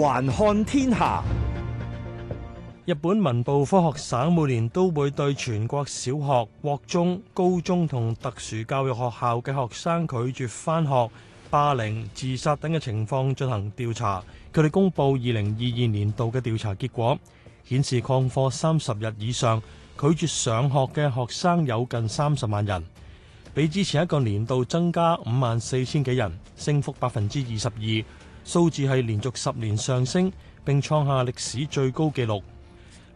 環看天下，日本文部科學省每年都會對全國小學、國中、高中同特殊教育學校嘅學生拒絕返學、霸凌、自殺等嘅情況進行調查。佢哋公布二零二二年度嘅調查結果，顯示曠課三十日以上、拒絕上學嘅學生有近三十萬人，比之前一個年度增加五萬四千幾人，升幅百分之二十二。數字係連續十年上升，並創下歷史最高紀錄。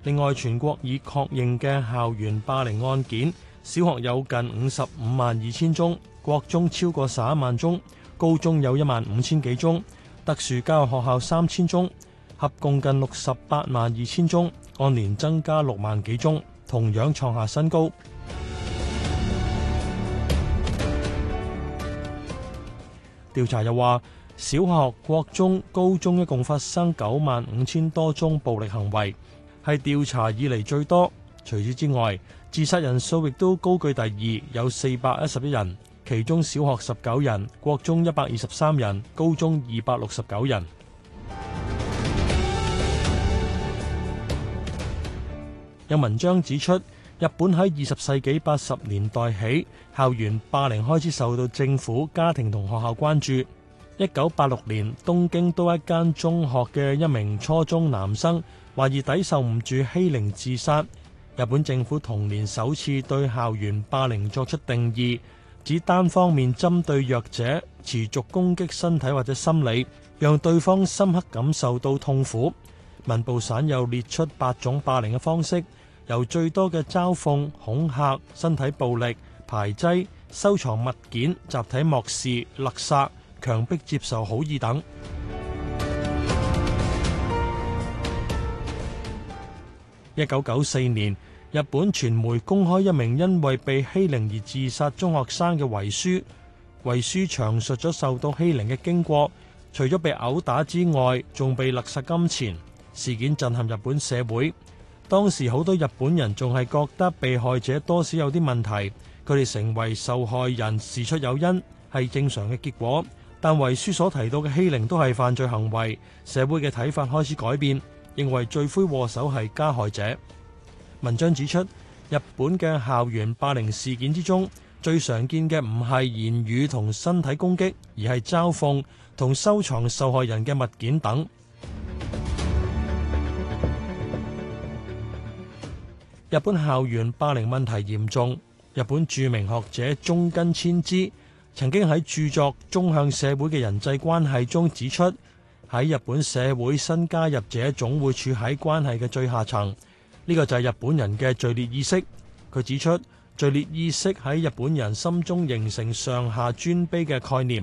另外，全國已確認嘅校園霸凌案件，小學有近五十五萬二千宗，國中超過十一萬宗，高中有一萬五千幾宗，特殊教育學校三千宗，合共近六十八萬二千宗，按年增加六萬幾宗，同樣創下新高。調查又話。小學、國中、高中一共發生九萬五千多宗暴力行為，係調查以來最多。除此之外，自殺人數亦都高居第二，有四百一十一人，其中小學十九人，國中一百二十三人，高中二百六十九人。有文章指出，日本喺二十世紀八十年代起，校園霸凌開始受到政府、家庭同學校關注。1986年，東京都一間中學嘅一名初中男生，懷疑，抵受唔住欺凌自殺。日本政府同年首次對校園霸凌作出定義，指單方面針對弱者持續攻擊身體或者心理，讓對方深刻感受到痛苦。文部省又列出八種霸凌嘅方式，由最多嘅嘲諷、恐嚇、身體暴力、排擠、收藏物件、集體漠視、勒殺、強迫接受好意等。一九九四年，日本傳媒公開一名因為被欺凌而自殺中學生嘅遺書，遺書詳述咗受到欺凌嘅經過，除咗被毆打之外，仲被勒索金錢。事件震撼日本社會，當時好多日本人仲係覺得被害者多少有啲問題，佢哋成為受害人事出有因，係正常嘅結果。但遺書所提到嘅欺凌都係犯罪行為，社會嘅睇法開始改變，認為罪魁禍首係加害者。文章指出，日本嘅校園霸凌事件之中，最常見嘅唔係言語同身體攻擊，而係嘲諷同收藏受害人嘅物件等。日本校園霸凌問題嚴重，日本著名學者中根千枝曾經喺著作中向社會嘅人際關係中指出，喺日本社會新加入者總會處喺關係嘅最下層，呢、這個就係日本人嘅序列意識。佢指出，序列意識喺日本人心中形成上下尊卑嘅概念，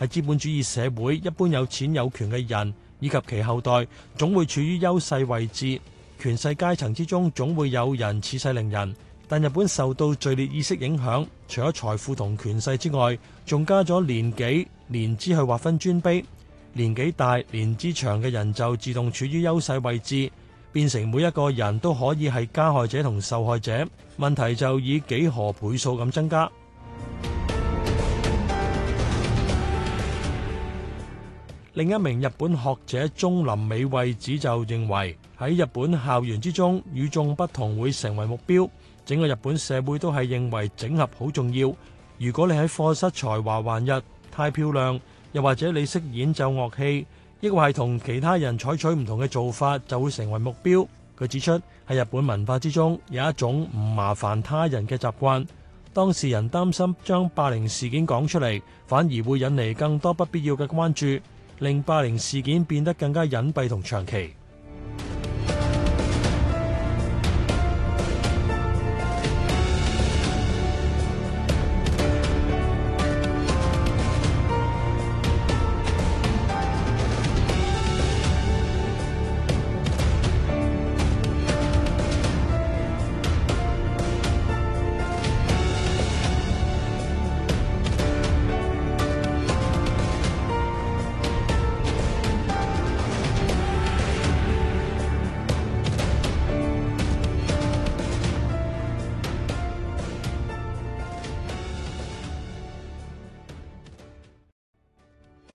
係資本主義社會一般有錢有權嘅人以及其後代總會處於優勢位置，權勢階層之中總會有人恃勢凌人。但日本受到序列意識影響，除咗財富同權勢之外，仲加咗年紀、年資去劃分尊卑。年紀大、年資長嘅人就自動處於優勢位置，變成每一個人都可以係加害者同受害者。問題就以幾何倍數咁增加。另一名日本學者中林美惠子就認為，喺日本校園之中，與眾不同會成為目標。整個日本社會都係認為整合好重要。如果你喺課室才華橫溢、太漂亮，又或者你識演奏樂器，亦或係同其他人採取唔同嘅做法，就會成為目標。佢指出喺日本文化之中有一種唔麻煩他人嘅習慣。當事人擔心將霸凌事件講出嚟，反而會引嚟更多不必要嘅關注，令霸凌事件變得更加隱蔽同長期。